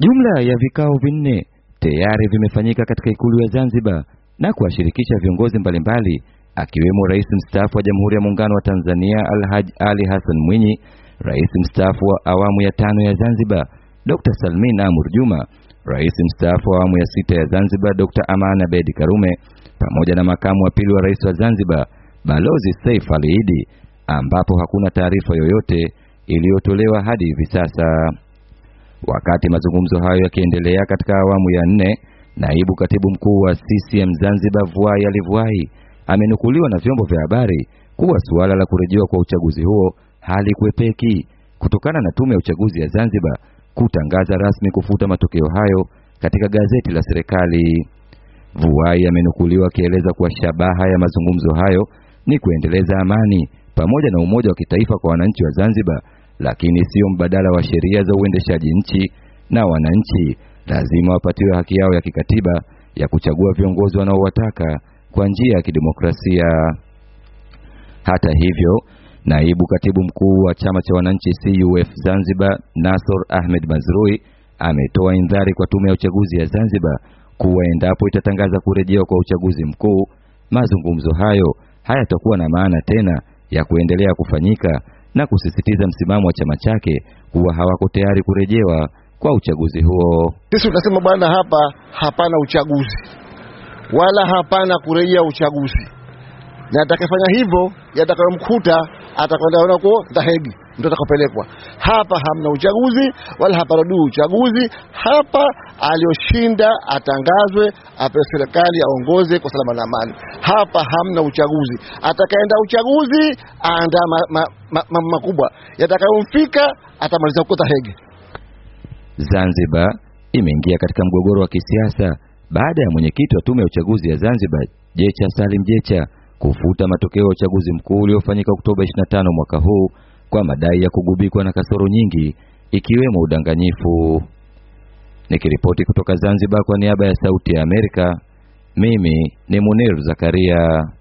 Jumla ya vikao vinne tayari vimefanyika katika ikulu ya Zanzibar na kuwashirikisha viongozi mbalimbali akiwemo Rais mstaafu wa Jamhuri ya Muungano wa Tanzania alhaj Ali Hassan Mwinyi, Rais mstaafu wa awamu ya tano ya Zanzibar Dr. Salmin Amur Juma, Rais mstaafu wa awamu ya sita ya Zanzibar Dr. Aman Abedi Karume pamoja na makamu wa pili wa rais wa Zanzibar Balozi saif Ali ambapo hakuna taarifa yoyote iliyotolewa hadi hivi sasa. Wakati mazungumzo hayo yakiendelea katika awamu ya nne, naibu katibu mkuu wa CCM Zanzibar Vuai alivuai amenukuliwa na vyombo vya habari kuwa suala la kurejewa kwa uchaguzi huo kwepeki kutokana na tume ya uchaguzi ya Zanzibar kutangaza rasmi kufuta matokeo hayo katika gazeti la serikali. Vuai amenukuliwa akieleza kuwa shabaha ya mazungumzo hayo ni kuendeleza amani pamoja na umoja wa kitaifa kwa wananchi wa Zanzibar lakini sio mbadala wa sheria za uendeshaji nchi, na wananchi lazima wapatiwe haki yao ya kikatiba ya kuchagua viongozi wanaowataka kwa njia ya kidemokrasia. Hata hivyo, naibu katibu mkuu wa chama cha wananchi CUF Zanzibar Nasor Ahmed Mazrui ametoa indhari kwa tume ya uchaguzi ya Zanzibar kuwa endapo itatangaza kurejewa kwa uchaguzi mkuu, mazungumzo hayo hayatakuwa na maana tena ya kuendelea kufanyika na kusisitiza msimamo wa chama chake kuwa hawako tayari kurejewa kwa uchaguzi huo. Sisi tunasema bwana, hapa hapana uchaguzi wala hapana kurejea uchaguzi na atakayefanya hivyo yatakayomkuta atakwenda huko dhahegi, ndio atakopelekwa. Hapa hamna uchaguzi wala haparudii uchaguzi. Hapa aliyoshinda atangazwe, apewe serikali, aongoze kwa salama na amani. Hapa hamna uchaguzi. Atakaenda uchaguzi aandaa mambo ma, ma, ma, makubwa. Yatakayomfika atamaliza huko dhahegi. Zanzibar imeingia katika mgogoro wa kisiasa baada ya mwenyekiti wa tume ya uchaguzi ya Zanzibar Jecha Salim Jecha kufuta matokeo ya uchaguzi mkuu uliofanyika Oktoba 25 mwaka huu kwa madai ya kugubikwa na kasoro nyingi ikiwemo udanganyifu. Nikiripoti kutoka Zanzibar kwa niaba ya Sauti ya Amerika, mimi ni Munir Zakaria.